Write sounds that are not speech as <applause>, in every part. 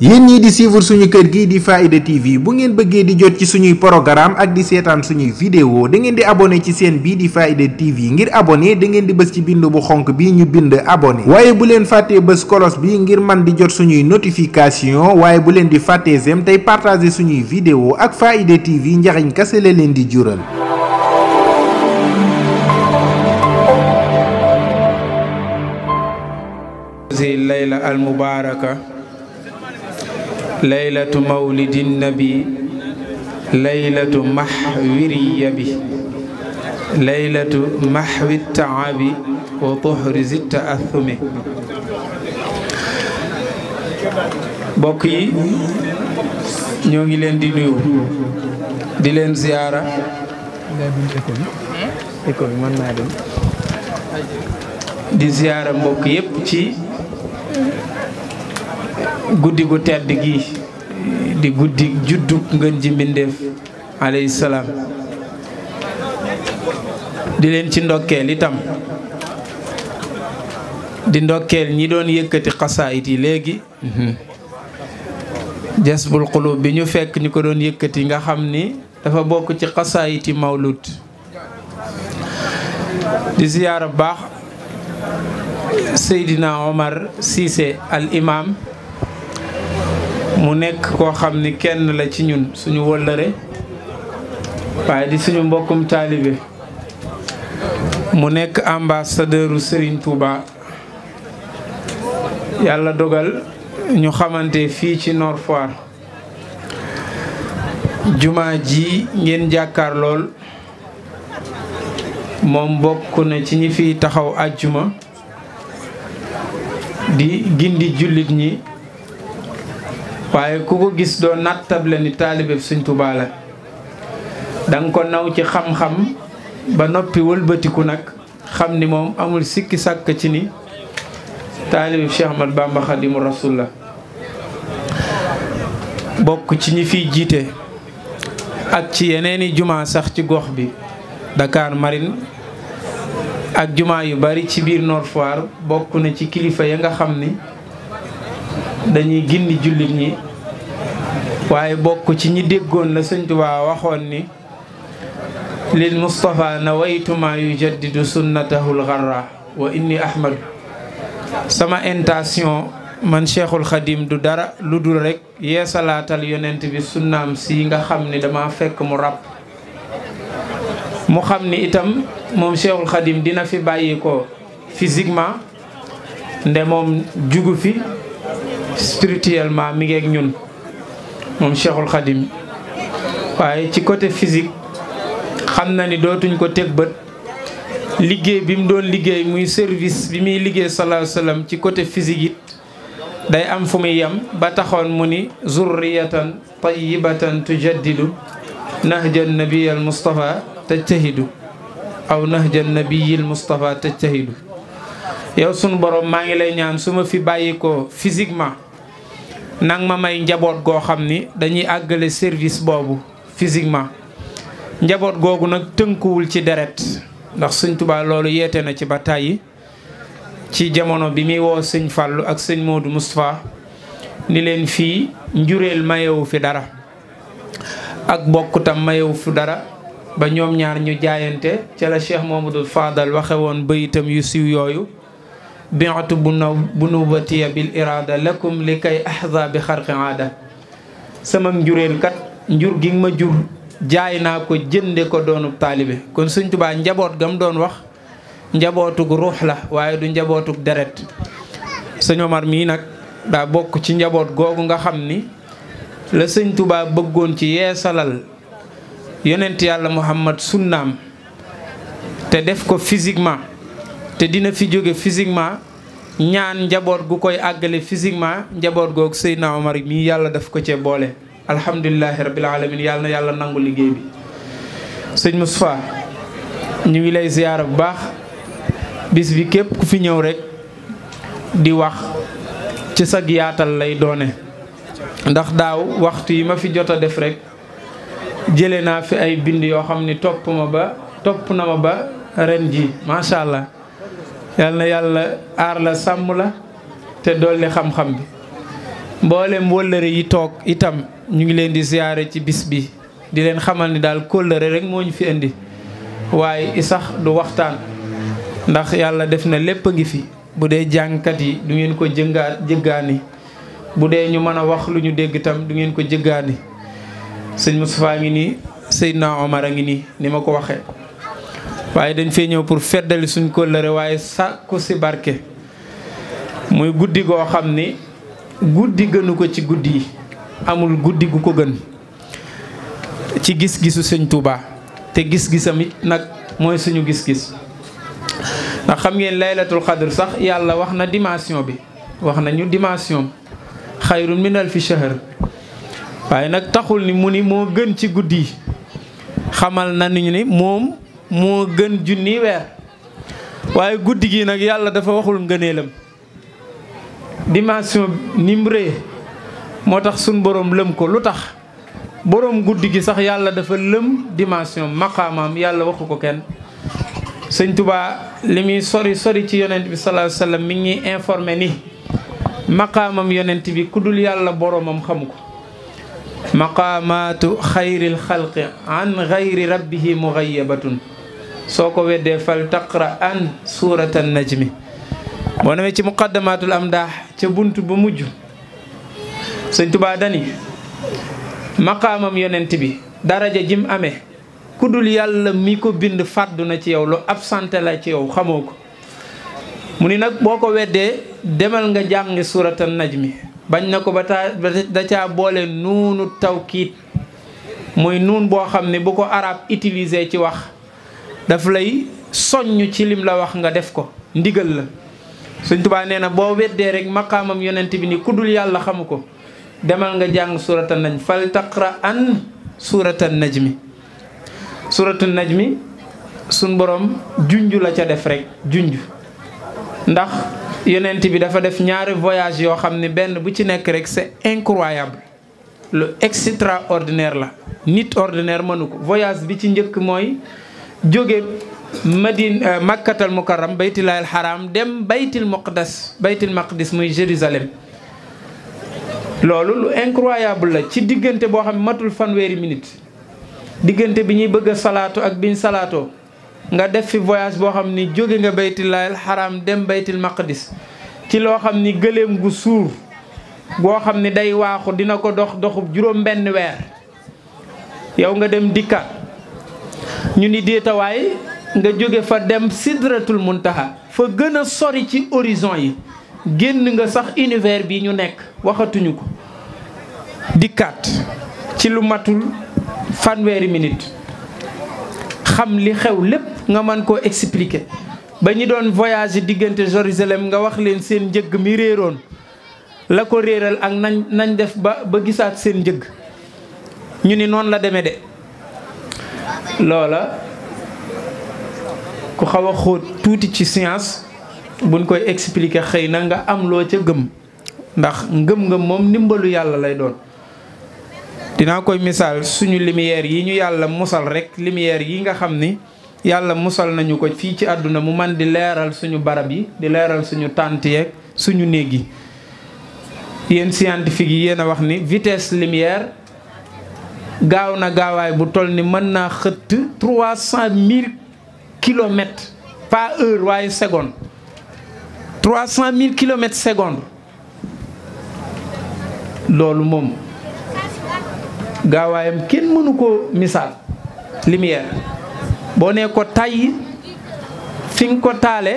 yéen ñii di suivre suñu kër gi di Faaida TV bu ngeen bëggee di jot ci suñuy programme ak di seetaan suñuy video da ngeen di abonné ci seen bii di Faaida TV ngir abonné da ngeen di bës ci bind bu xonk bi ñu bind abone waaye bu leen fàttee bës kolos bi ngir man di jot suñuy notification waaye bu leen di fàttee sem tey partage suñuy vidéo ak Faaida TV njaxiñ kase la leen di jural layla al laylatu mawlidin nabi laylatu maxwiriya bi laylatu maxwi taabi wa tuhri zi taathumi bokk yi ñoo ngi leen di nuyu di leen ziyaara di ziyaara mbokk yépp ci guddi gu tedd gi di guddi juddu ngeen ji mbindeef alayhi salaam di leen ci ndokkeel itam di ndokkeel ñi doon yëkkati xasaayit yi léegi mhm. jasbul xulub bi ñu fekk ñu ko doon yëkkati nga xam ni dafa bokk ci xasaayiti mawlud di ziyaara baax Seydina Omar Cissé al mu nekk koo xam ni kenn la ci ñun suñu wëllëre waaye di suñu mbokkum taalibe mu nekk ambassadeuru Serigne Touba yàlla dogal ñu xamante fii ci Nord Foire jumaa ji ngeen jàkkaar lool moom bokk na ci ñi fiy taxaw àjjuma di gindi jullit ñi waaye ku ko gis doo nattable ni taalibeeb sëñ la danga ko naw ci xam-xam ba noppi wëlbatiku nag xam ni moom amul sikki sàkk ci ni taalibeeb Cheikh Ahmad Bamba Xadimu la bokk ci ñi fiy jiite ak ci yeneeni jumaa sax ci gox bi Dakar marin ak jumaa yu bari ci biir Nord bokk na ci kilifa yi nga xam ni dañuy gindi jullit ñi waaye bokk ci ñi déggoon la Sëñ Tuubaa waxoon ni lil Mustafa nawaytuma yujaddidu sunnatahul gharra wa indi ahmadu sama intention man Cheikhul Khadim du dara lu dul rekk yeesalaatal yonent bi sunnaam si nga xam ni dama fekk mu ràpp mu xam ni itam moom Cheikhul Khadim dina fi bàyyi ko physiquement nde moom jugu fi spirituellement mi ngi ak ñun moom Cheikhul Khadim waaye ci côté physique xam na ni dootuñ ko teg bët liggéey bi mu doon liggéey muy service bi muy liggéey sallallahu alayhi ci côté physique yi day am fu muy yem ba taxoon mu ni zurriyatan tayyibatan tujaddidu nahja nabiyal mustafa tajtahidu aw nahja nabiyil mustafa tajtahidu yow sunu borom maa ngi lay ñaan su ma fi bàyyi ko physiquement nang ma may njaboot goo xam ni dañuy àggale service boobu physiquement njaboot googu nag tënkuwul ci deret ndax sëñ Tuubaa loolu yeete na ci ba tàyyi ci jamono bi muy woo sëñ Fàllu ak sëñ Moodu Moustapha ni leen fii njureel mayewu fi dara ak bokkutam mayewu fi dara ba ñoom ñaar ñu jaayante ca la Cheikh Mamadou Fadal waxe woon bayitam yu siiw yooyu biatu bunubatiya bil irada lakum li kay ahza bi xarqi aada sama njureel kat njur gi ma jur jaay naa ko jënde ko doonub taalibe kon Sëñ Tuubaa njaboot gam doon wax njabootug ruux la waaye du njabootug deret Sëñ Omar mii nag daa bokk ci njaboot googu nga xam ni la sëñtubaa bëggoon ci yeesalal yonent yàlla Muhammad sunnaam te def ko physiquement te dina fi jóge physiquement ñaan njaboot gu koy àggale physiquement njaboot googu Seydina Omar mii yàlla daf ko cee boole alhamdulilahi rabbil alamin yàlla na yàlla nangu liggéey bi sëñ Moustapha ñu ngi lay ziyaara bu baax bis bi képp ku fi ñëw rek di wax ci sag yaatal lay doone ndax daaw waxtu yi ma fi jot a def rek jële naa fi ay bind yoo xam ne topp ba topp na ma ba ren ji macha allah yal na yàlla aar la sàmm la te dolli xam-xam bi mboolem wëllëre yi toog itam ñu ngi leen di ziyaare ci bis bi di leen xamal ni daal kóllëre rek moo ñu fi indi waaye sax du waxtaan ndax yàlla def na lépp a ngi fi bu dee jàngkat yi du ngeen ko jëngaa jëggaani bu dee ñu mën a wax lu ñu dégg itam du ngeen ko jëggaani sëñ Moustapha ngi nii Seydina Omar a ngi nii ni ma ko waxee waaye dañu fee ñëw pour feddali suñ kóllëre waaye sàkku si barke muy guddi goo xam ni guddi gënu ko ci guddi yi amul guddi gu ko gën ci gis-gisu sëñ Touba te gis-gisam it nag mooy suñu gis-gis ndax xam ngeen laylatul xadr sax yàlla wax na dimension bi wax nañu dimension xayrun min alfi shahr waaye nag taxul ni mu ni moo gën ci guddi yi xamal nañu ni moom moo gën junni weer waaye guddi gii nag yàlla dafa waxul ngëneelam dimension nim rëy moo tax sunu borom lëm ko lu tax borom guddi gi sax yàlla dafa lëm dimension maqaamaam yàlla waxu ko kenn sëñ Tuubaa li muy sori sori ci yonent bi sallallahu alayhi wasallam mi ngi informé ni maqaamam yonent bi ku dul yàlla boromam xamu ko maqaamaatu xayril xalqi an xayri rabbihi mugayyabatun soo ko weddee fal taqra suurata naj mi boo demee ci muqaddamatul amdaax ca bunt ba mujj sëñ tubaa dani maqaamam yonent bi daraja jim amee ku dul yàlla mi ko bind fàddu na ci yow lu absenté la ci yow xamoo ko mu ni nag boo ko weddee demal nga jàngi suurata mi bañ na ko ba taa da caa boole nuunu tawkiit muy nuun boo xam ne bu ko araab utilisé ci wax daf lay soññ ci lim la wax nga def ko ndigal la Sëñ Tuubaa nee na boo weddee rek maqaamam yonent bi ni ku dul yàlla xamu ko demal nga jàng surata najm fal taqra an surata najmi suratu najmi suñ borom junj la ca def rek junj ndax yonent bi dafa def ñaari voyage yoo xam ne benn bu ci nekk rek c'est incroyable lu extraordinaire la nit ordinaire mënu ko voyage bi ci njëkk mooy jóge madine euh, makkatal mukarram baytilaayal xaraam dem baytil muqaddas baytil maqdis muy Jérusalem loolu lu incroyable la ci diggante boo xam ne matul fanweeri minit diggante bi ñuy bëgg a salaatu ak biñ salaatoo nga def fi voyage boo xam ni jóge nga baytilaayal xaraam dem baytil maqdis ci loo xam ni gëléem gu suur boo xam ne day waaxu dina ko dox doxub juróom benn weer yow nga dem dikkaat ñu ni déetawaay nga jóge fa dem sidratul muntaha fa gën a sori ci horizon yi génn nga sax univers bi ñu nekk waxatuñu ko dikkaat ci lu matul fanweeri mi minute xam li xew lépp nga mën koo expliquer ba ñu doon voyage diggante Jérusalem nga wax leen seen njëgg mi réeroon la ko réeral ak nañ nañ def ba ba gisaat seen njëgg ñu ni noonu la demee de loola ku xaw a xóot tuuti ci science buñ koy expliquer xëy na nga am loo ca gëm ndax ngëm-ngëm moom ndimbalu yàlla lay doon dina koy misaal suñu lumière yi ñu yàlla musal rekk lumière yi nga xam ni yàlla musal nañu ko fii ci àdduna mu man di leeral suñu barab yi di leeral suñu tànt yeeg suñu néeg yi yéen scientifique yi yéen wax ni vitesse lumière gaaw na gaawaay bu toll ni mën naa xët trois cent mille kilomètres pas heure waaye seconde trois cent loolu moom gaawaayam kenn mënu ko misaal lumière boo ne ko tay fi nga ko taale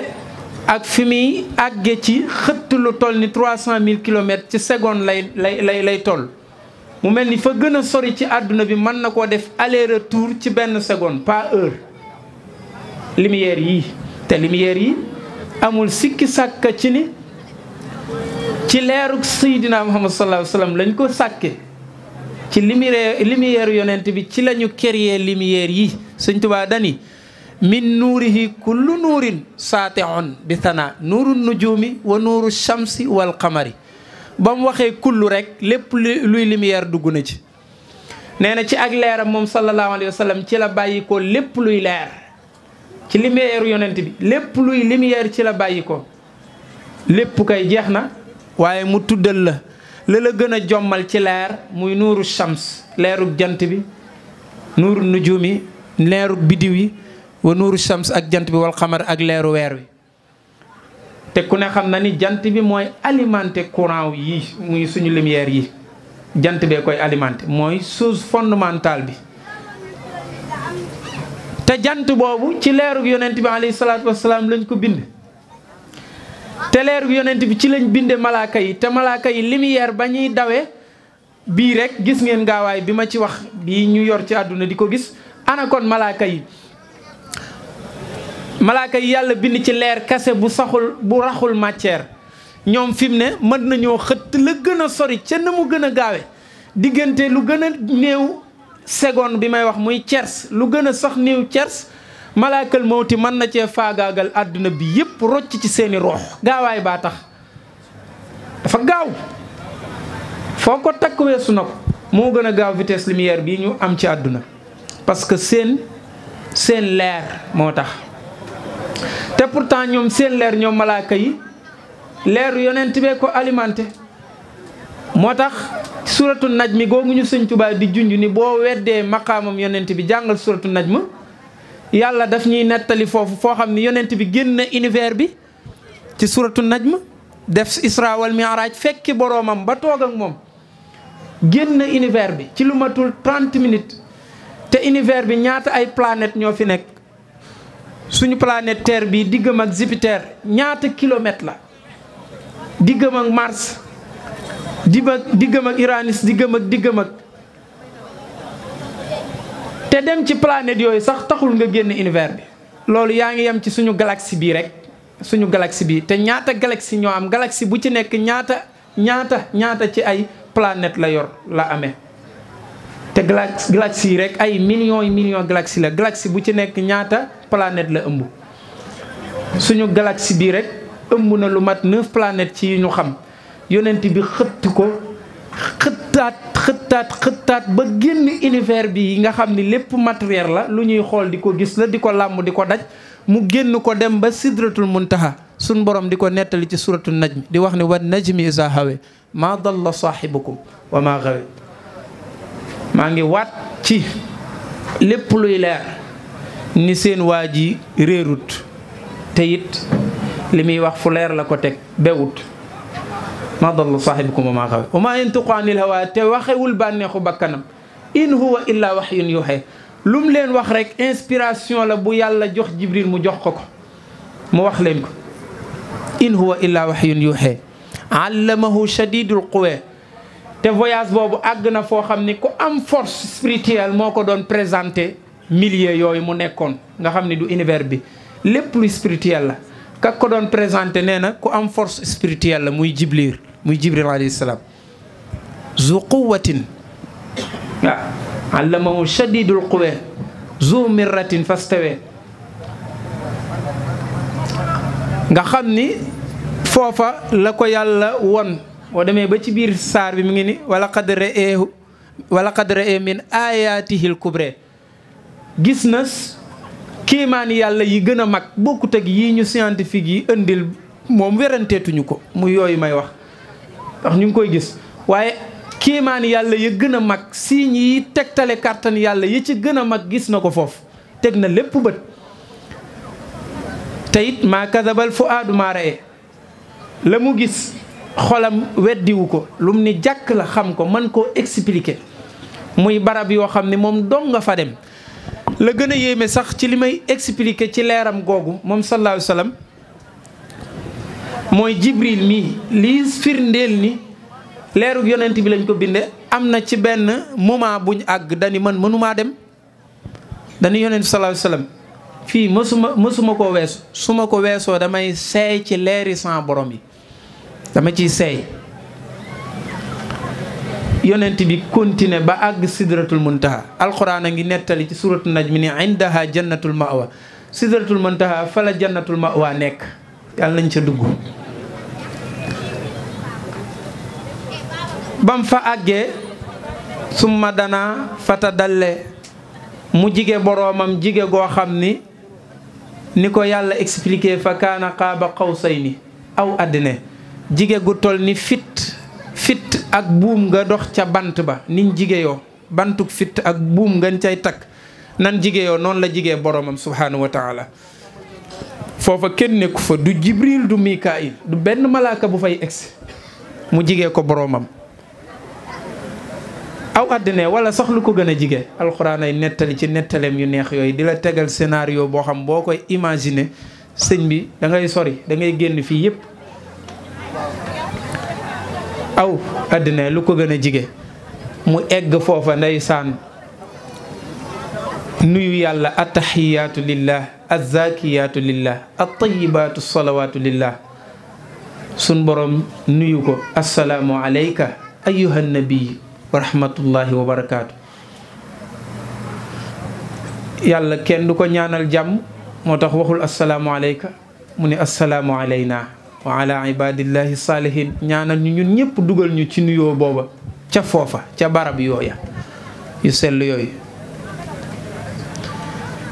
ak fi muy àggee ci xët lu toll ni trois cent mille kilomètres ci seconde lay lay lay lay toll mu mel ni fa gën a sori ci àdduna bi mën na koo def aller retour ci benn seconde pas heure lumière yi te lumière yi amul sikki sàkka ci ni ci leerug sayyidina muhammad sallallahu alayhi wasallam lañ ko sàkke ci lumière lumière yonent bi ci lañu créer lumière yi Sëñ Tuubaa dani min nuurihi kullu nuurin saati'un bi sana nuuru nujuumi wa nuuru shamsi wal qamari ba mu waxee kullu rek lépp luy lumière dugg na ci nee na ci ak leeram moom sallallahu alayhi wa ci la bàyyi ko lépp luy leer ci lumière yonent bi lépp luy lumière ci la bàyyi ko lépp kay jeex na waaye mu tuddal la la la gën a jommal ci leer muy nuuru shams leerub jant bi nuuru nujum yi leerub bidiw yi wa nuuru shams ak jant bi wal xamar ak leeru weer wi te ku ne xam na ni jant bi mooy alimenter courant yi muy suñu lumière yi jant bee koy alimenter mooy chose fondamentale bi te jant boobu ci leerug yonent bi alayhi salaatu wasalaam lañ ko bind te leerug yonent bi ci lañ binde malaaka yi te malaaka yi lumière ba ñuy dawee bii rek gis ngeen gaawaay bi ma ci wax bii ñu yor ci àdduna di ko gis ana malaaka yi malaaka yi yàlla bind ci leer kase bu saxul bu raxul matière ñoom fi ne mën nañoo xëtt la gën a sori ca na mu gën a gaawe diggante lu gën a néew seconde bi may wax muy tiers lu gën a sax néew tiers malaakal mawti mën na cee faagaagal àdduna bi yépp rocc ci seeni roox gaawaay baa tax dafa gaaw foo ko takk weesu na ko moo gën a gaaw vitesse lumière bi ñu am ci àdduna parce que seen seen leer moo tax te pourtant ñoom seen leer ñoom malaaka yi leeru yonent bee ko alimente moo tax suratu najmi googu ñu sëñ Tuubaa di junj ni boo weddee maqaamam yonent bi jàngal suratu ma yàlla daf ñuy nettali foofu foo xam ni yonent bi génn na univers bi ci suratu najm def isra wal mi'raj fekki boroomam ba toog ak moom génn univers bi ci lumatul matul 30 te univers bi ñaata ay planète ñoo fi nekk suñu planète terre bi diggam ak Jupiter ñaata kilomètre la di ak Mars digg ak diggam ak Uranus diggam ak diggam ak te dem ci planète yooyu sax taxul nga génn univers bi loolu yaa ngi yem ci suñu galaxie bii rek suñu galaxie bi te ñaata galaxie ñoo am galaxie bu ci nekk ñaata ñaata ñaata ci ay planète la yor la amee te galax galaxie yi rek ay millions yi millions galaxie la galaxie bu ci nekk ñaata planète la ëmb suñu galaxie bi rek ëmb na lu mat neuf planètes ci yu ñu xam yonent bi xëtt ko xëttaat xëttaat xëttaat ba génn univers bi yi nga xam ni lépp matériel la lu ñuy xool di ko gis la di ko làmb di ko daj mu génn ko dem ba sidratul taxa suñ borom di ko nettali ci suratul najm di wax ne wan najmi isa hawe maa dalla saahibukum wa maa gawe maa ngi waat ci lépp luy leer ni seen waa ji réerut te it li muy wax fu leer la ko teg bewut ma dall saaxibukum wa maa xawe wa maa yantiqu anil hawa te waxewul bànneexu bakkanam in huwa illa waxyun yuxe lu mu leen wax rek inspiration la bu yàlla jox jibril mu jox ko ko mu wax leen ko in huwa illa waxyun yuxe allamahu shadidul quwee te voyage boobu àgg na foo xam ni ku am force spirituelle moo ko doon présenté milliers yooyu mu nekkoon nga xam ni du univers bi lépp lu spirituel la kak ko doon présenté nee na ku am force spirituelle la muy jibril muy jibril alayhi salaam zu quwatin waaw ah, allamahu shadidul quwa zu mirratin nga xam ni foofa la ko yàlla won boo demee ba ci biir saar bi mu ngi ni wala qad ra'ee wala qad ra'ee min ayaatihil kubre gis na kiimaan yàlla yi gën a mag bokkut ak yii ñu scientifique yi indil moom weranteetuñu ko mu yooyu may wax ndax ñu ngi koy gis waaye kiimaan yàlla yi gën a mag signe yi tegtale kàttan yàlla yi ci gën a mag gis na ko foofu teg na lépp bët te maa kadabal fu aadu maa ra'ee la mu gis xolam weddiwu ko lum ni jàkk la xam ko man koo expliquer muy barab yoo xam ni moom doom nga fa dem la gën a yéeme sax ci li may expliquer ci leeram googu moom sallallahu alayhi wa sallam mooy jibril mii lii firndeel ni leerug yonent bi lañ ko binde am na ci benn moment buñ àgg dani man mënumaa dem dani yonent bi sallallahu fii mësuma mësuma ko weesu su ma ko weesoo damay seey ci leeri sans borom yi dama ciy sey yonent bi continuer ba àgg sidratul mënta alxuraan a ngi nettali ci suratu najmi ni indaha jannatul mawa sidratul muntaha fa janatul jannatul mawa nekk yàlla nañ ca dugg bam fa àggee summa dana fata dalle mu jige boroomam jige goo xam ni ni ko yàlla expliqué fa kaana qaaba qawsayni aw addine jige gu toll ni fit fit ak buum nga dox ca bant ba niñ jigéeyoo bantuk fitt ak buum ngeen cay takk nan jigéeyoo noonu la jigee boromam subhaanahu wa taala foofa kenn nekku fa du jibril du mikail du benn malaaka bu fay egsi mu jigee ko boromam aw àddina wala sax lu ko gën a jigéen alxuraan ay nettali ci nettaleem yu neex yooyu di la tegal scénario boo xam boo koy imagine sëñ bi dangay sori da ngay génn fii yépp aw àddina lu ko gën a jige mu egg foofa ndeysaan nuyu yàlla attaxiyaatu lillah azzakiyaatu lillah attayibaatu salawaatu lillah sun borom nuyu ko assalaamu alayka ayuha nabiy wa rahmatullahi yàlla kenn du ko ñaanal jàmm moo tax waxul assalaamu alayka mu ne assalaamu alayna wa ala ibadillahi saalihin ñaanal ñu ñun ñépp dugal ñu ci nuyoo booba ca foofa ca barab yooya yu sell yooyu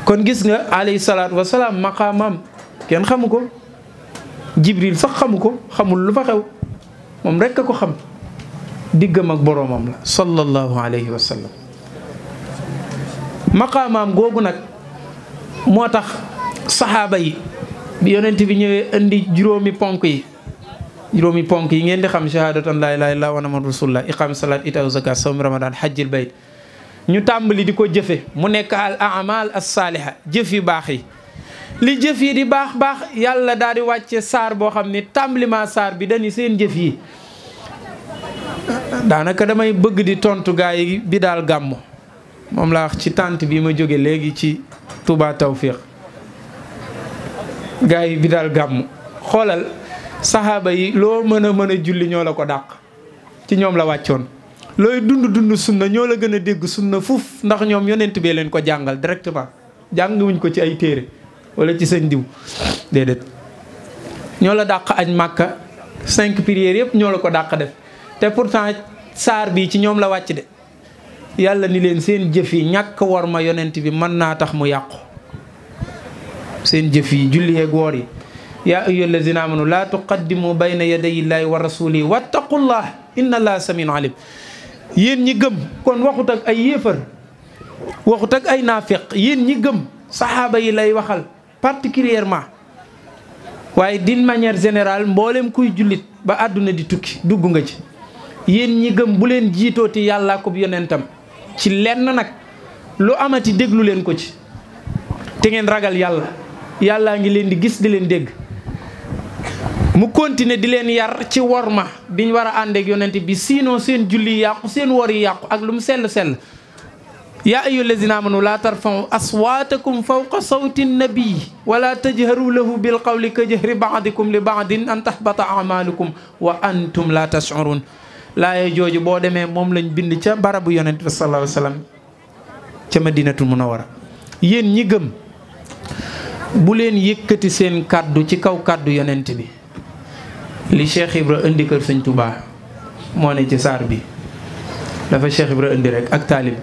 kon gis nga alayhi salaatu wasalaam maqaamam kenn xamu ko jibril sax xamu ko xamul lu fa xew moom rekk a ko xam diggam ak boroomam la sallallahu alayhi wa maqaamaam googu nag moo tax saxaaba yi bi yonent bi ñëwee indi juróomi ponk yi juróomi ponk yi ngeen di xam shahadatu an laa ilaaha illallaah wa muhammadur rasulullah iqaam salaat itaaw zakat sawm ramadan hajjil bayt ñu tàmbali di ko jëfe mu nekk al amal as jëf yu baax yi li jëf yi di baax baax yàlla daal di wàcce saar boo xam ne tàmbalima saar bi dañu seen jëf yi daanaka damay bëgg di tontu gaa yi bi daal gàmmu moom laa wax ci tànt bi ma jóge léegi ci Touba Tawfiq gars yi bi daal gàmm xoolal saxaaba yi loo mën a mën a julli ñoo la ko dàq ci ñoom la wàccoon looy dund dund sunna ñoo la gën a dégg sunna fuuf ndax ñoom yonent bee leen ko jàngal jàng wuñ ko ci ay téere wala ci seen diw déedéet ñoo la dàq ak màkka cinq prières yëpp ñoo la ko dàq def te pourtant saar bii ci ñoom la wàcc de yàlla ni leen seen jëf yi ñàkk war ma yonent bi mën naa tax mu yàqu seen jëf yi julli yeeg woor yi yaa ayyuha allazina amanu laa tuqaddimu bayna yaday illaahi wa rasulihi wattaqullah inna allaha samiun alim yéen ñi gëm kon waxut ak ay yéefar waxut ak ay naafeq yéen ñi gëm saxaaba yi lay waxal particulièrement waaye d'une manière générale mboolem kuy jullit ba àdduna di tukki dugg nga ci yéen ñi gëm bu leen jiitoo jiitooti yàllaa ko yonentam ci lenn nag lu amati déglu leen ko ci te ngeen ragal yàlla yàllaa ngi leen di gis di leen dégg mu continuer di leen yar ci wor ma biñ war a ànd ak yonent bi sinon seen julli yàqu seen wor yi yàqu ak lu mu sell sell yaa ayu lazina amanu laa tarfau aswaatakum fawqa sawti nabii wala tajharu lahu bil qawli ka jahri baadikum li baadin an tahbata amalukum wa antum laa tashurun laaye jooju boo demee moom lañ bind ca barabu yonent bi sallallahu alayhi wa sallam ca madinatul munawara yéen ñi gëm bu leen yëkkati seen kàddu ci kaw kàddu yonent bi li Cheikh Ibra indi kër sëñ Touba moo ne ci saar bi dafa Cheikh ra indi rek ak taalib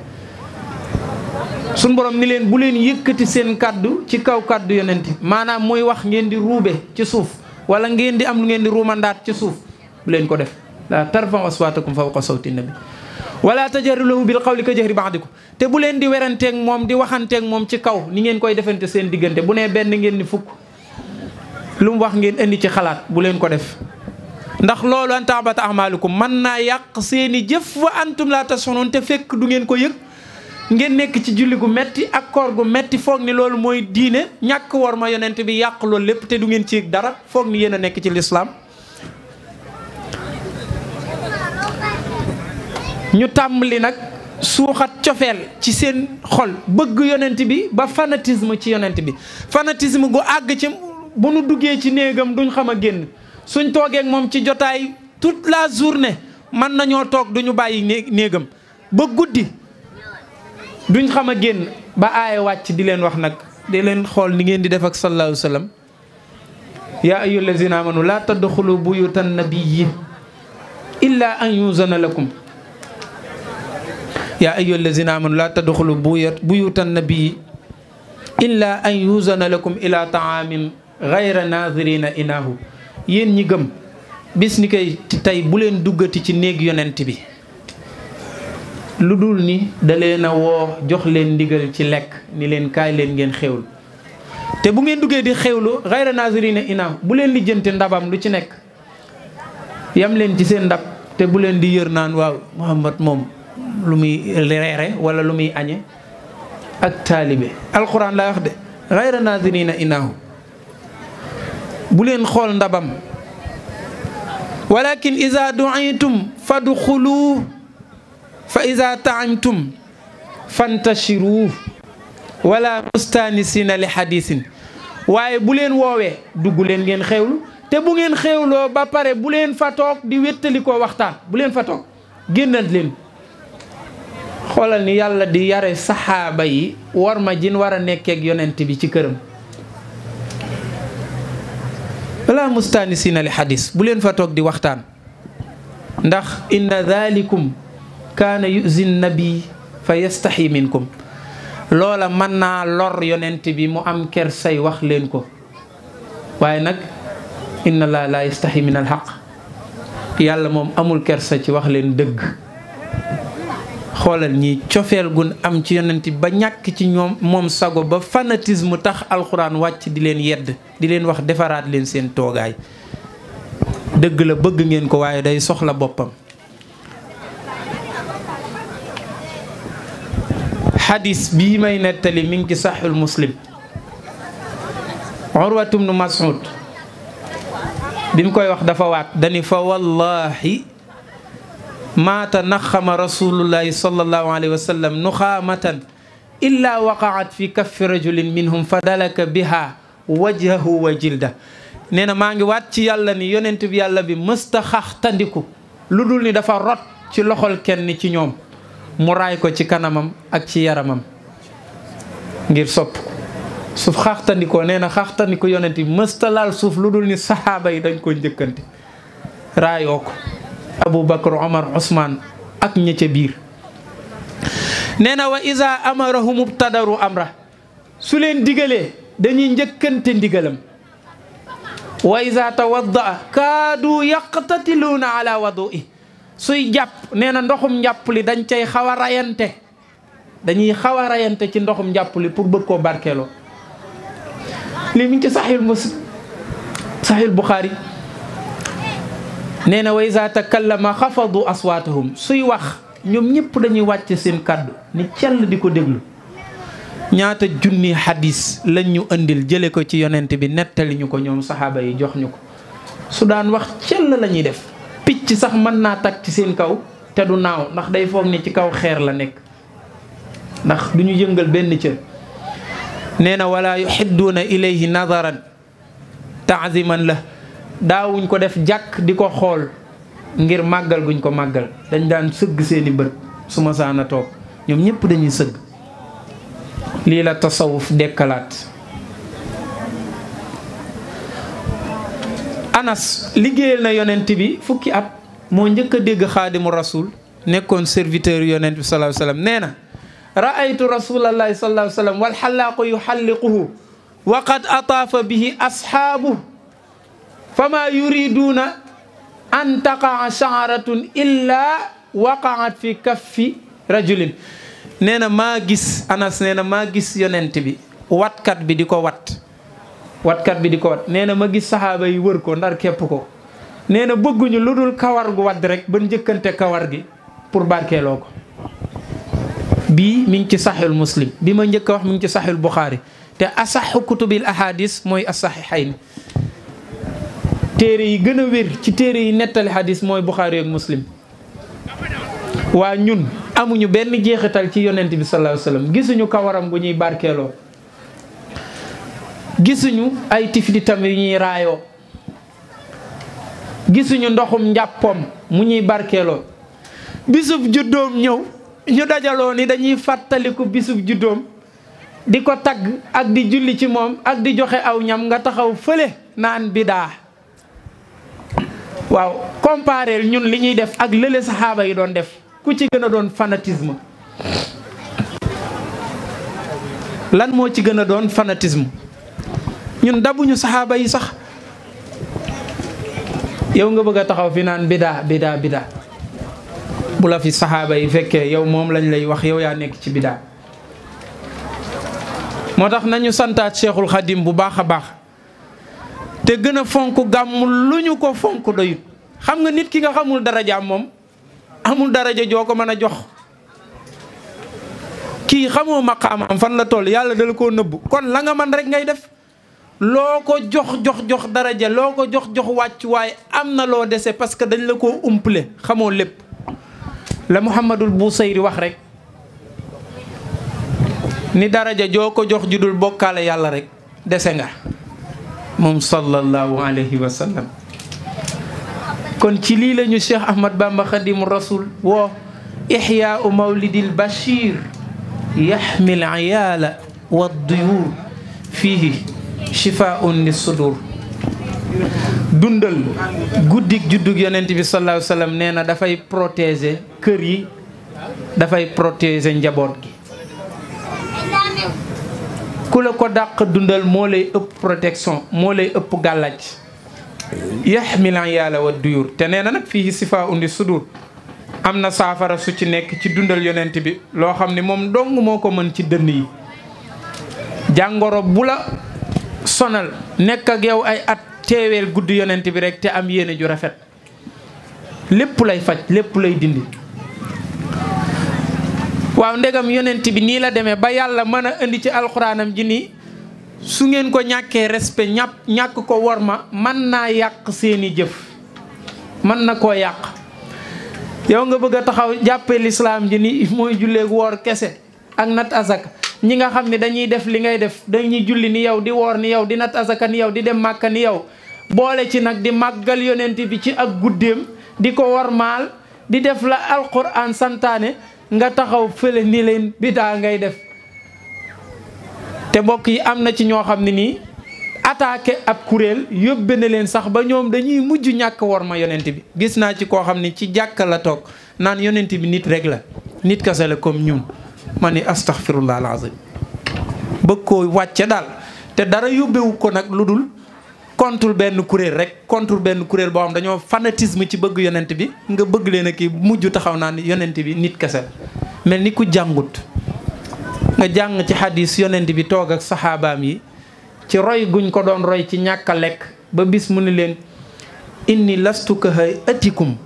suñ borom ni leen bu leen yëkkati seen kàddu ci kaw kàddu yonent bi maanaam mooy wax ngeen di ruube ci suuf wala ngeen di am lu ngeen di ruumandaat ci suuf bu leen ko def la tarfa'u aswaatakum fawqa sawti nabi wala tajharu lahu bil qawli ka jahri ba'dikum te bu leen di weranteeg moom di waxanteeg moom ci kaw ni ngeen koy defante seen diggante bu nee benn ngeen ni fukk lu mu wax ngeen indi ci xalaat bu leen ko def ndax loolu an taabata ahmaalukum mën naa yàq seeni jëf wa antum laa tasunuun te fekk du ngeen ko yëg ngeen nekk ci julli gu metti ak koor gu metti foog ni loolu mooy diine ñàkk war ma yonent bi yàq loolu lépp te du ngeen ci yëg dara foog ni yéen a nekk ci lislaam ñu tàmbali nag suuxat cofeel ci seen xol bëgg yonent bi ba fanatism ci yonent bi fanatisme gu àgg ci bu nu duggee ci néegam duñ xam a génn suñ toogeek moom ci jotaay toute la journée mën nañoo toog duñu bàyyi néegam ba guddi duñ xam a génn ba aaya wàcc di leen wax nag di leen xool ni ngeen di def ak sallallahu alayhi wa sallam yaa ayyuhallazina amanu laa tadxulu buyutan nabiyyi illa an yuzana lakum yaa ayyuha allazina amanu laa tadxulu buyutan nabii illa an yuzana lakum ila taamin gayra inahu yéen ñi gëm bis ni koy tey bu leen duggati ci néeg yonent bi lu dul ni da leen a woo jox leen ndigal ci lekk ni leen kaay leen ngeen xewlu te bu ngeen duggee di xewlu xayra nazirina inaam bu leen lijjanti ndabam lu ci nekk yam leen ci seen ndab te bu leen di yër naan waaw Muhammad moom lu muy reere wala lu muy añe ak taalibe alxuraan laa wax de xayra naazirina inaahu bu leen xool ndabam walakin iza du'itum fadxulu fa iza ta'amtum fantashiru wala mustanisina li xadisin waaye bu leen woowee dugg leen ngeen xewlu te bu ngeen xewloo ba pare bu leen fa di wéttali waxtaan bu leen fa toog leen xoolal ni yàlla di yare saxaaba yi war ma jin war a nekkeek yonent bi ci këram wala mustaanisiina li xadis bu leen fa toog di waxtaan ndax inna dalikum kaana na nabi fa yastaxi minkum loola mën naa lor yonent bi mu am ker say wax leen ko waaye nag inna laa laa yastaxi alxaq yàlla moom amul kersa ci wax leen dëgg xoolal ñi cofeel gun am ci yonent ba ñàkk ci ñoom moom sago ba fanatisme tax alxuraan wàcc di leen yedd di leen wax defaraat leen seen toogaay dëgg la bëgg ngeen ko waaye day soxla boppam xadis bii may nettali mi ngi ci saxul muslim urwatum bi mu koy wax dafa waat dani fa wallahi maata naxama rasulullahi sallallahu alayhi wa sallam nuxaamatan illa waqaat fi kaffi rajulin minhum fa dalaka biha wajhahu wa jilda nee na maa ngi waat ci yàlla ni yonent bi yàlla bi mësta xax tandiku lu dul ni dafa rot ci loxol kenn ci ñoom mu raay ko ci kanamam ak ci yaramam ngir sopp ko suuf xaaxtandikoo nee na xaaxtandiku yonent bi mësta laal suuf lu dul ni saxaaba yi dañ ko njëkkante raayoo ko aboubacar omar ousmane ak ña ca biir nee na wa isa amarahum ubtadaru amra su leen digalee dañuy njëkkante ndigalam wa isa tawaddaa kaadu yaqtatiluuna ala wadu'i suy jàpp nee na ndoxum njàpp li dañ cay xaw dañuy xaw a rayante ci ndoxum njàpp li pour bëgg koo barkeeloo li mi ci saxil muslim nee na wa iza takallama xafadu aswaatahum suy wax ñoom ñëpp dañuy wàcc seen kàddu ni cell di ko déglu ñaata junni xadis lañ ñu indil jële ko ci yonent bi nettaliñu ko ñoom saxaaba yi jox ñu ko su daan wax cell lañuy def picc sax mën naa tag ci seen kaw te du naaw ndax day foog ni ci kaw xeer la nekk ndax du ñu yëngal benn cër nee na wala yuxidduuna ilayhi nadaran taaziman la daawuñ ko def jàkk di ko xool ngir màggal guñ ko màggal dañ daan sëgg seeni bët su ma saana toog ñoom ñëpp dañuy sëgg lii la tasawuf dekkalaat anas liggéeyal na yonent bi fukki at moo njëkk a dégg xaadimu rasul nekkoon serviteur yonent bi sallallahu nee na raaytu rasulallahi sallallahu alayhi wasallam wal xalaaqu yuxalliquhu wa qad ataafa bihi asxaabuhu fama yuriduuna an taqaa sha'ratun illa waqaat fi kaffi rajulin nee na maa gis anas nee na maa gis yonent bi watkat bi di ko wat watkat bi di ko wat nee na ma gis saxaaba yi wër ko ndar képp ko nee na bëgguñu lu dul kawar gu wadd rek ba njëkkante kawar gi pour barkeeloo ko bii mi ngi ci saxul muslim bi ma njëkk a wax mu ngi ci saxul buxaari te asaxu kutubil ahadis mooy asaxixayn téere yi gën a wér ci téere yi nettali xadis mooy Buxaari ak Muslim waa ñun amuñu benn jeexital ci yonent bi sallallahu alayhi wasallam gisuñu kawaram bu ñuy barkeeloo gisuñu ay tiflitam yu ñuy raayoo gisuñu ndoxum njàppoom mu ñuy barkeeloo bisub juddoom ñëw ñu dajaloo ni dañuy fàttaliku bisub juddoom di ko tagg ak di julli ci moom ak di joxe aw ñam nga taxaw fële naan bidaa waaw comparer ñun li ñuy def ak lële saxaaba yi doon def ku ci gën a doon fanatism lan moo ci gën a doon fanatisme ñun dabuñu saxaaba yi sax yow nga bëgg a taxaw fi naan bidaa bidaa bidaa bu la fi saxaaba yi fekkee yow moom lañ lay wax yow yaa nekk ci bidaa moo tax nañu santaat Cheikhul Khadim bu baax a baax te gën a fonk gàmm lu ñu ko fonk doyut xam nga nit ki nga xamul darajaam moom amul daraja joo ko mën a jox kii xamoo maqaamam fan la tool yàlla dala koo nëbbu kon la nga man rek ngay def loo ko jox jox jox daraja loo ko jox jox wàcc waaye am na loo dese parce que dañ la koo umple xamoo lépp la mu Muhammadul Busayri wax rek ni daraja joo ko jox ju dul bokkaale yàlla rek dese nga moom sallallahu alayhi wa kon ci lii lañu ñu Cheikh Ahmad Bamba Xadimu Rasul woo ixyaau mawlidil bachir yaxmil ayaala wa duyuur fiihi chifaun li sudur dundal guddik juddug yonent bi sallallahu alayhi nee na dafay protéger kër yi dafay protéger njaboot gi ku la ko dàq dundal moo lay ëpp protection moo lay ëpp gàllaaj yaxmilan yàlla wa duyur te nee na nag fii sifa undi sudur am na saafara su ci nekk ci dundal yonent bi loo xam ni moom dong moo ko mën ci dënn yi jàngoro bu la sonal nekk ak yow ay at teeweel gudd yonent bi rek te am yéene ju rafet lépp lay faj lépp lay dindi waaw ndegam yonent bi nii la demee ba yàlla mën a indi ci alxuraanam ji nii su ngeen ko ñàkkee respe ñàpp ñàkk ko wor ma man naa yàq seeni jëf mën na koo yàq yow nga bëgg a taxaw jàppee lislaam ji ni mooy julleeg woor kese ak nat asaka ñi nga xam ne dañuy def li ngay def dañuy julli ni yow di woor ni yow di nat asaka ni yow di dem màkka ni yow boole ci nag di màggal yonent bi ci ak guddeem di ko wormaal di def la alquran santaane nga taxaw fële ni leen bidaa ngay def te mbokk yi am na ci ñoo xam ne nii attaqué ab kuréel yóbbe na leen sax ba ñoom dañuy mujj ñàkk war ma yonent bi gis naa ci koo xam ne ci jàkk la toog naan yonent bi nit rek la nit kese comme ñun ma ni astaghfirullah alazim bëgg koo wàcce daal te dara yóbbewu ko nag lu dul contre benn kuréel rek contre benn kuréel boo xam dañoo fanatisme ci bëgg yonent bi nga bëgg leen a kii mujj taxaw naa ni yonent bi nit kese mel ni ku jàngut nga jàng ci xadis yonent bi toog ak saxaabaam yi ci roy guñ ko doon roy ci ñàkk lekk ba bis mu ni leen inni lastu ka atikum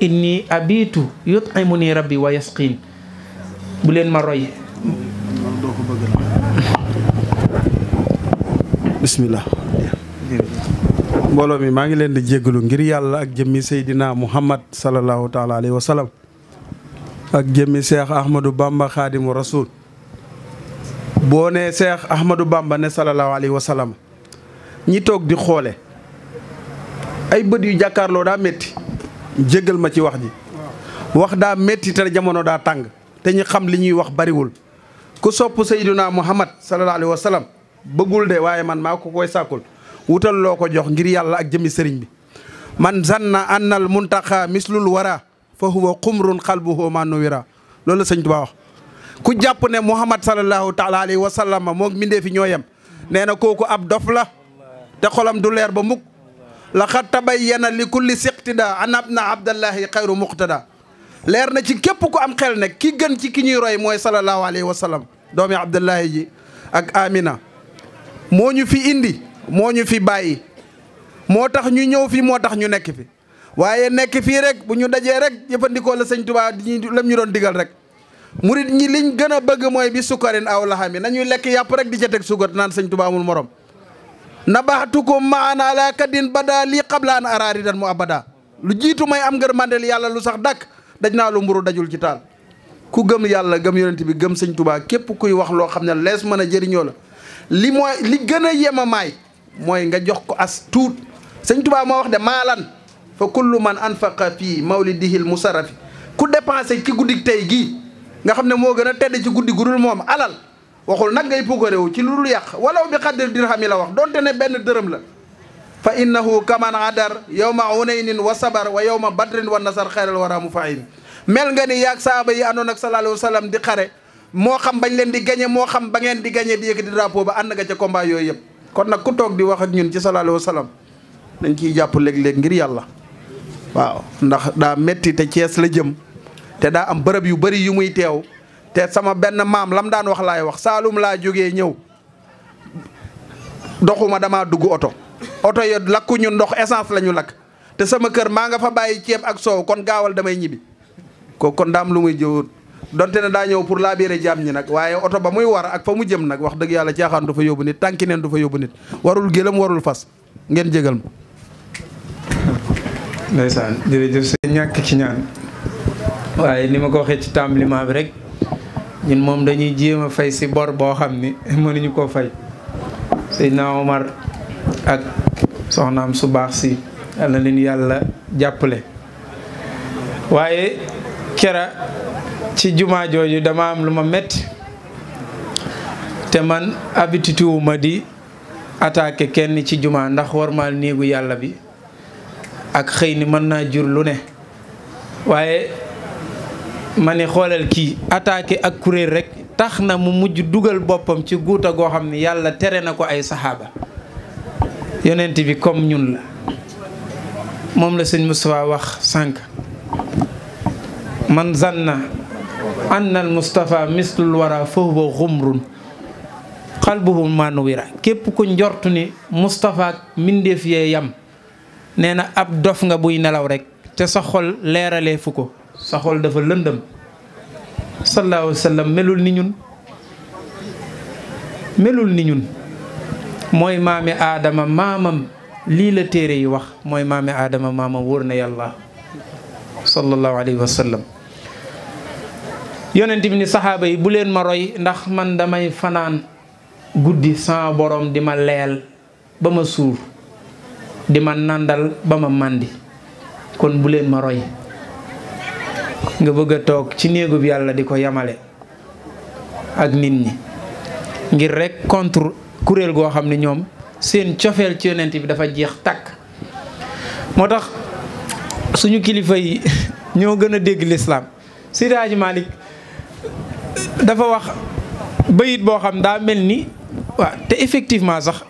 inni abitu yutimu ni rabbi wa yasqin bu leen ma roy bismillah mbooloo mi maa ngi leen di jéggalu ngir yàlla ak jëmmi Seydina Muhammad sallallahu taala alayhi wa sallam ak jëmmi Cheikh Ahmadou Bamba xaadimu rasul boo nee Cheikh Ahmadou Bamba ne sallallahu alayhi wa sallam ñi toog di xoole ay bët yu jàkkaarloo daa metti jéggal ma ci wax ji wax daa métti te jamono daa tàng te ñu xam li ñuy wax bariwul ku sopp Seydina Muhammad sallallahu alayhi wa sallam bëggul de waaye man maa ko koy sàkkul wutal loo ko jox ngir yàlla ak jëmi sëriñ bi man zanna annal muntaqa mislul wara fa huwa qumrun qalbuhu ma nuwira loolu sëñ Tuubaa ku jàpp ne muhammad sallallahu taala alayhi wa sallam moog mindee fi ñoo yem nee na kooku ab dof la te xolam du leer ba mukk laqad tabayyana li kulli siqtida an abna abdallahi xayru muqtada leer na ci képp ku am xel ne ki gën ci ki ñuy roy mooy sallallahu alayhi wa sallam doomi abdallahi ji ak amina moo fi indi moo ñu fi bàyyi moo tax ñu ñëw fi moo tax ñu nekk fi waaye nekk fii rek bu ñu dajee rek jëfandikoo la sëñ Tuubaa lam ñu doon digal rek mu murit ñi liñ gën a bëgg mooy bi sukkarin aw laxami nañuy lekk yàpp rek di ca teg sukkar naan sëñ Tuubaa amul morom nabaxtukum maana ala kadin bada lii qabla an araari dan mu abada lu jiitu may am ngër mandel yàlla lu sax dakk daj naa lu mburu dajul ci taal ku gëm yàlla gëm yonent bi gëm sëñ Tuubaa képp kuy wax loo xam ne lees mën a jëriñoo la li mooy li gën a yemamaay mooy nga jox ko as tuut sëñ Tuubaa ma wax de maalan fa kullu man an anfaqa fii mu musarafi ku dépensé ci guddi tey gii nga xam ne moo gën a tedd ci guddi gudul moom alal waxul nag ngay puukarewu ci lu dul yàq walaw bi xaddir dirham yi la wax donte ne benn dërëm la fa innahu kaman adar yawma unaynin wa sabar wa yawma badrin wa nasar xayral wara mu fahim mel nga ni yaag saaba yi àndoon ak sallallahu alayhi wa di xare moo xam bañ leen di gañe moo xam ba ngeen di gañe di yëkkati drapeau ba ànd nga ca yooyu yëpp kon nag ku toog di wax ak ñun ci sallallahu alayhi dañ ciy jàpp léeg-léeg ngir yàlla waaw ndax daa metti te Cees la jëm te daa am bërëb yu bari yu muy teew te sama benn maam lam daan wax laay wax saalum laa jógee ñëw doxuma damaa dugg oto oto yo lakkuñu ndox essence lañu lakk te sama kër maa nga fa bàyyi ceeb ak soow kon gaawal damay ñibbi ko kon daam lu muy jëwoon donte ne daa ñëw pour laabire jaam ñi nag waaye oto ba muy war ak fa mu jëm nag wax dëgg yàlla caaxaan du fa yóbbu nit tànki neen du fa yóbbu nit warul gëlëm warul fas ngeen jégal ma. ndeysaan jërëjëf ci ñaan waaye ni ma ko waxee ci tàmbaliment bi rek ñun moom dañuy jéem a fay si bor boo xam ni <laughs> mënuñu koo fay Seydina Omar ak soxnaam su baax si yal na leen yàlla jàppale waaye kera ci jumaa jooju dama am lu ma metti te man habitude wu di attaqué kenn ci jumaa ndax war warmaal néegu yàlla bi ak xëy ni mën naa jur lu ne waaye ma ne xoolal kii attaqué ak kuréel rekk tax na mu mujj dugal boppam ci guuta goo xam ne yàlla tere na ko ay saxaaba yonent bi comme ñun la moom la sëñ Moustapha wax sànq man zanna anna al Mustafa mislul wara fahuwa xumrun xalbuhu manuwira képp ko njort ni Mustafa ak yee yam nee na ab dof nga buy nelaw rekk te sa xol leeralee fu ko sa xol dafa lëndëm sallallahu alayhi wa sallam melul ni ñun melul ni ñun mooy maami aadama maamam lii la téere yi wax mooy maami aadama maamam wóor na yàlla sallallahu alayhi wa sallam yonent bi ni saxaaba yi bu leen ma roy ndax man damay fanaan guddi sama borom di ma leel ba ma suur di ma nàndal ba ma màndi kon bu leen ma roy nga bëgg a toog ci néegub yàlla di ko yamale ak nit ñi ngir rekk contre kuréel goo xam ne ñoom seen cofeel ci yonent bi dafa jeex tàkk moo tax suñu kilifa yi <laughs> ñoo gën a dégg lislaam Seydi Hadji Malick dafa wax bayit boo xam daa mel ni waaw te effectivement sax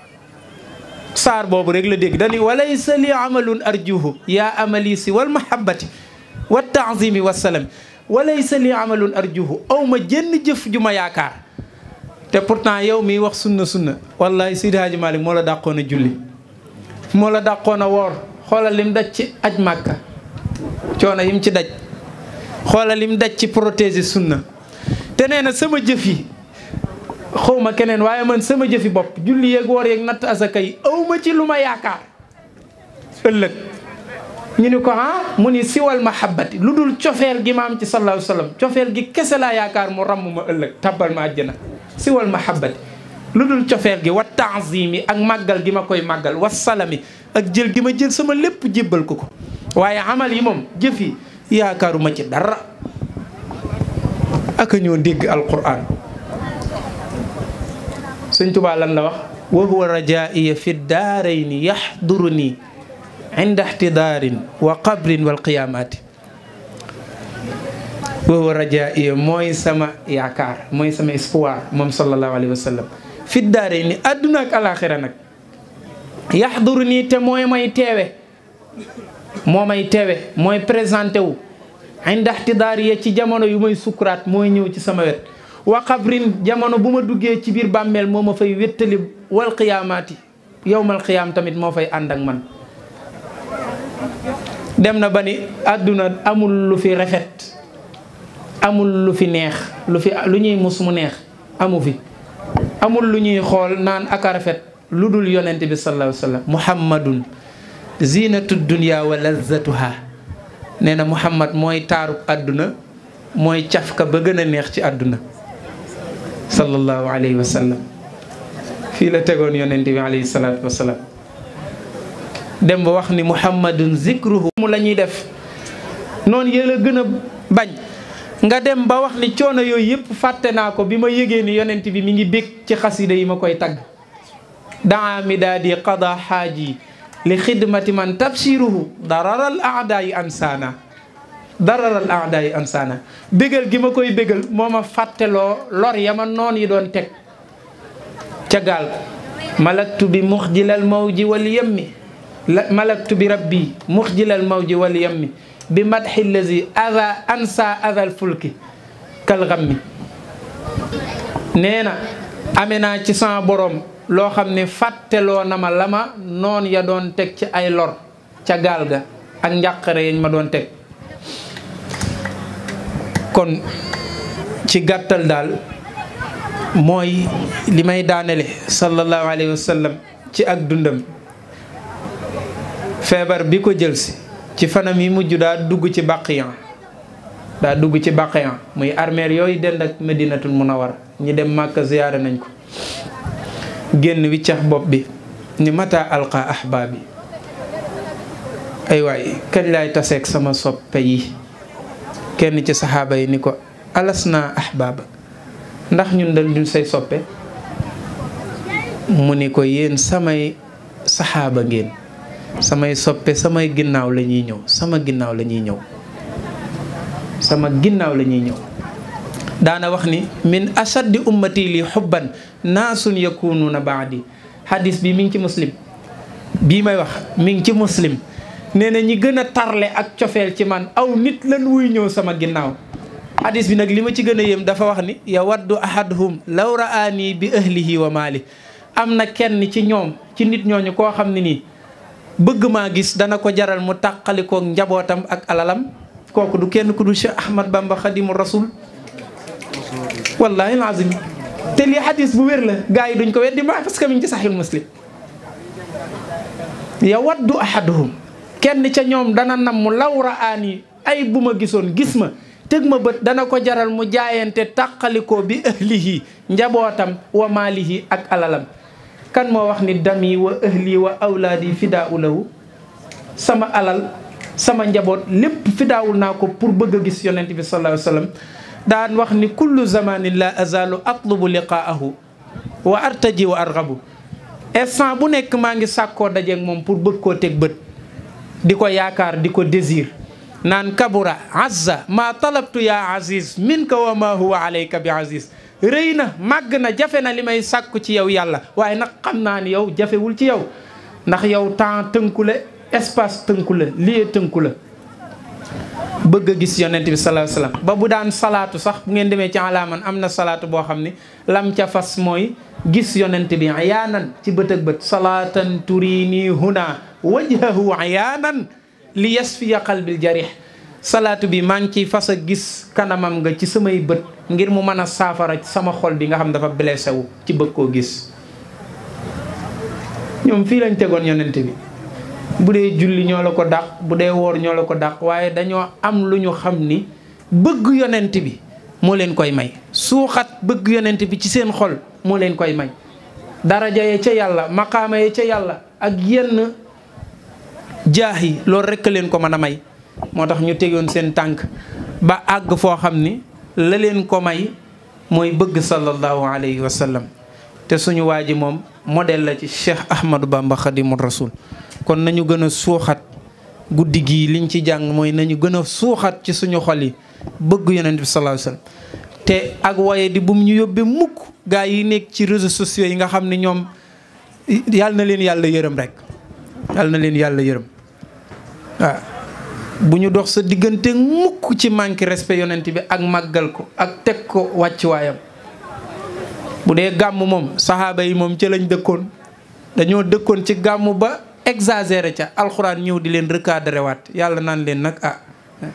saar boobu rek la dégg dani walaysa li amalun arjuhu yaa amali si wal mahabbati wa taazimi wa salami walaysa li amalun arjuhu aw ma jënn jëf ju yaakaar te pourtant yow mi wax sunna sunna wallahi Seydi Hadji Malick moo la dàqoon a julli moo la dàqoon a woor xoolal lim daj ci aj màkka coono yim ci daj xoolal lim daj ci protéger sunna te nee na sama jëf yi xaw keneen waaye man sama jëfi bopp julli yeeg woor yeeg natt asaka yi aw ma ci lu ma yaakaar ëllëg ñu ni ko ah mu ni siwal ma xabati lu dul cofeel gi ma am ci sallallahu alayhi wasallam cofeel gi kese laa yaakaar mu ramm ma ëllëg tabbal ma àjjana siwal mahabbati lu dul cofeel gi wa taazimi ak màggal gi ma koy màggal wa salami ak jël gi ma jël sama lépp jébbal ko ko waaye amal yi moom jëf yaakaaruma ci dara ak ñoo dégg lan la wa huwa rajaiya fi daarayni yaxduruni inda ixtidaarin wa qabrin wal qiyaamaati wa huwa rajaiya mooy sama yaakaar mooy sama espoir moom sallallahu alayhi wa sallam fi daarayni àdduna ak alaaxira te mooy may teewe mooy présenté ay inda ihtidaariya ci jamono yu may sukkuraat mooy ñëw ci sama wet wa xabrin jamono bu ma duggee ci biir bàmmeel moo ma fay wéttali wal qiyaamaati yowmal qiyaam tamit moo fay ànd ak man dem na ba ni àdduna amul lu fi rafet amul lu fi neex lu fi lu ñuy mus mu neex amu fi amul lu ñuy xool naan ak rafet lu dul yonent bi sallallahu alayhi wa sallam muhammadun zinatu dunya wa lazzatuha nee na Muhammad mooy taaru àdduna mooy cafka ba gën a neex ci àdduna sallallahu alayhi wa sallam fii la tegoon yonent bi alayhi salaatu wa dem ba wax ni muhammadun zikruhu mu la ñuy def noon yéen a gën bañ nga dem ba wax ni coono yooyu yëpp fàtte naa ko bi ma yëgee ni yonent bi mi ngi bég ci xasida yi ma koy tagg daa mi daa di qada xaaji li xidmati man tabsiruhu dararal aadaayi ansaana dararal aadaayi ansaana bégal gi ma koy bégal moo ma fàtteloo lor ya noon yi doon teg ca gaal malaktu bi muxjilal mawji wal yemmi malaktu bi rabbi muxjilal mawji wal yemmi bi madxi lazi ava ansa aval fulki kal gammi nee na ci sama borom loo xam ne fàtteloo na ma la ma noon ya doon teg ci ay lor ca gaal ga ak njàqare yañ ma doon teg kon ci gàttal daal mooy li may daanele sallallahu alayhi wa sallam ci ak dundam feebar bi ko jëlsi ci fanam yi mujj daa dugg ci baqiyan daa dugg ci baqiyan muy armeel yooyu dend ak medinatul munawar ñi dem màkka ziyaare nañ ko génn wiccax bopp bi ni mata alqa ahbaabi ay waay kañ laay taseeg sama soppe yi kenn ci saxaaba yi ni ko alas naa ahbaaba ndax ñu dal duñ say soppe mu ni ko yéen samay saxaaba ngeen samay soppe samay ginnaaw la ñuy ñëw sama ginnaaw la ñuy ñëw sama ginnaaw la ñuy ñëw daana wax ni min ashaddi ummati li xubban naasun yakunuuna baadi hadis bi mi ngi ci muslim bii may wax mi ngi ci muslim nee na ñi gën a tarle ak cofeel ci man aw nit lan wuy ñëw sama ginnaaw hadis bi nag li ma ci gën a yéem dafa wax ni ya waddu ahaduhum law raani bi ahlihi wa am na kenn ci ñoom ci nit ñooñu koo xam ne nii bëgg maa gis dana ko jaral mu tàqalikook njabootam ak alalam kooku du kenn ku du Cheikh Ahmad Bamba Xadimu Rasul wallahi lazim te lii xadis bu wér la gaa yi duñ ko weddi ba parce que mi ngi ci saxil muslim yawaddu ahaduhum kenn ca ñoom dana nam mu law raani ay bu ma gisoon gis ma tëg ma bët dana ko jaral mu jaayante tàqalikoo bi ahlihi njabootam wa maalihi ak alalam kan moo wax ni dami wa ahli wa awlaadi fidaawu sama alal sama njaboot lépp fidaawul naa ko pour bëgg a gis yonent bi sallallahu alayhi daan wax ni kullu zamanin la azalu atlubu liqaahu wa artaji wa argabu instant bu nekk maa ngi sàkkoo dajeeg moom pour bët koo teg bët di ko yaakaar di ko désir naan kabura azza ma talabtu ya aziz min ka wa ma huwa alayka bi aziz rëy na màgg na jafe na li may sàkku ci yow yàlla waaye nag xam naa ni yow jafewul ci yow ndax yow temps tënku la espace tënku la lieu tënku la bëgg a gis yonent bi sallallahu ba bu daan salaatu sax ngeen demee ci alaaman am na salaatu boo xam ne lam ca fas mooy gis yonent bi ayaanan ci bët ak bët salaatan turini huna yaa ayaanan li yàqal qalbil jari salaatu bi maa ngi ciy fas a gis kanamam nga ci samay bët ngir mu mën a saafara sama xol bi nga xam dafa blessé wu ci bëgg koo gis ñoom fii lañ tegoon yonent bi bu dee julli ñoo la ko dàq bu dee woor ñoo la ko dàq waaye dañoo am lu ñu xam ni bëgg yonent bi moo leen koy may suuxat bëgg yonent bi ci seen xol moo leen koy may daraja ya ca yàlla makaama ya ca yàlla ak yenn jaax yi loolu rekk leen ko mën a may moo tax ñu tegoon seen tànk ba àgg foo xam ni la leen ko may mooy bëgg sallallahu alayhi wa sallam te suñu waa ji moom model la ci Cheikh Ahmadou Bamba Khadimul Rasoul kon nañu gën a suuxat guddi gii liñ ci jàng mooy nañu gën a suuxat ci suñu xol yi bëgg yonent bi sallallahu alayhi te ak waaye di bu ñu yóbbee mukk gaa yi nekk ci réseaux sociaux yi nga xam ne ñoom yàlla na leen yàlla yërëm rek yàlla na leen yàlla yërëm waaw bu ñu dox sa diggante mukk ci manque respect yonent bi ak màggal ko ak teg ko wàcc waayam bu dee gàmm moom saxaaba yi moom ci lañ dëkkoon dañoo dëkkoon ci gàmm ba exagéré ca alxuraan ñëw di leen recadré waat yàlla naan leen nag ah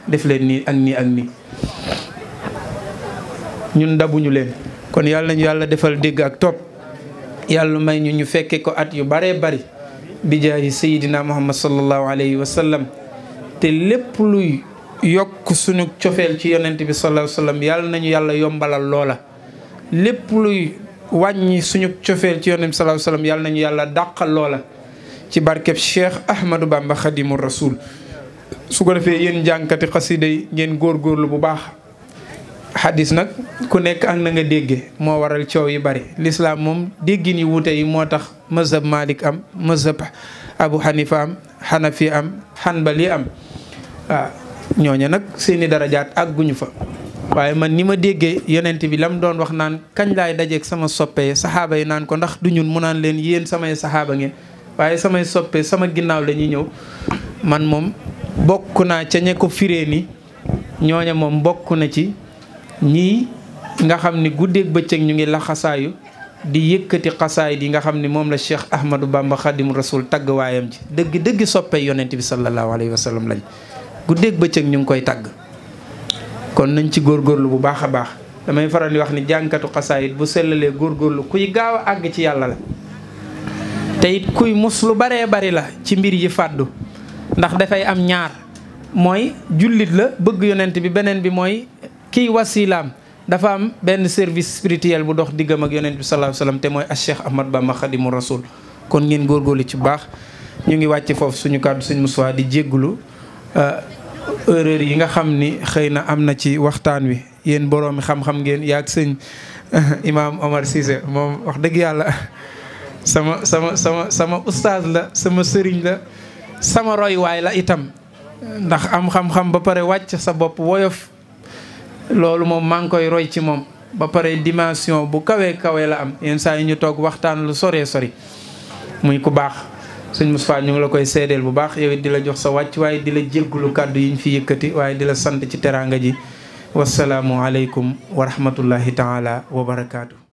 def leen nii ak nii ak nii ñun dabuñu leen kon yàlla nañu yàlla defal dégg ak topp yàlla may ñu ñu fekkee ko at yu baree bari bi jaahi sayidina muhammad sallallahu alayhi wa sallam te lépp luy yokk suñu cofeel ci yonent bi sallallahu alayhi nañu yàlla yombalal loola lépp suñu cofeel ci yonent bi sallallahu yàlla nañu yàlla dàqal loola ci barkeb Cheikh Ahmadou Bamba Khadimou rasuul su ko defee yéen jànkati xasida yi ngeen góorlu bu baax xadis nag ku nekk ak na nga dégge moo waral coow yi bari lislaam moom déggin yi wuute yi moo tax mazhab Malik am mazhab Abu Hanifa am Hanafi am xanbali am waaw ñooña nag seeni darajaat àgguñu fa waaye man ni ma déggee yeneent bi lam doon wax naan kañ laay dajeeg sama soppe saxaaba yi naan ko ndax du ñun mu naan leen yéen samay saxaaba ngeen waaye samay soppee sama ginnaaw lañuy ñëw man moom bokk naa ca ña ko firee ni ñooña moom bokk na ci ñii nga xam ni guddeeg bëccëg ñu ngi laxasaayu di yëkkati xasaayid yi nga xam ni moom la Cheikh Ahmadou Bamba Xadim Rasul tagg waayam ji dëgg dëgg soppe yonent bi sallallahu alayhi wa sallam lañ guddeeg bëccëg ñu ngi koy tagg kon nañ ci góor góorgóorlu bu baax a baax damay faral di wax ni jànkatu xasaayid bu sellalee góorgóorlu kuy gaaw a àgg ci yàlla te kuy mus lu baree bari la ci mbir yi fàddu ndax dafay am ñaar mooy jullit la bëgg yonent bi beneen bi mooy kiy wasilaam dafa am benn service spirituel bu dox diggam ak yonent bi sallallahu alayhi wasallam te mooy Cheikh Ahmad Bamba Khadimu Rasul kon ngeen góorgóorlu ci baax ñu ngi wàcc foofu suñu kàddu suñu musuwaa di jéggulu euh, erreur yi nga xam ni xëy na am na ci waxtaan wi yéen boroomi xam-xam ngeen yaag sëñ euh, imaam Omar Cissé moom wax dëgg yàlla <laughs> sama sama sama sama ustaaz la sama sëriñ la sama roywaay la itam ndax am xam-xam ba pare wàcc sa bopp woyof loolu moom maa ngi koy roy ci moom ba pare dimension bu kawee kawee la am yenn saa yi ñu toog waxtaan lu soree sori muy ku baax sëñ Moustapha ñu ngi la koy seedeel bu baax yow it di la jox sa wàcc waaye di la jéggulu kàddu yi ñu fi yëkkati waaye di la sant ci teraanga ji wasalaamu aleykum wa rahmatullahi taala wa barakaatu.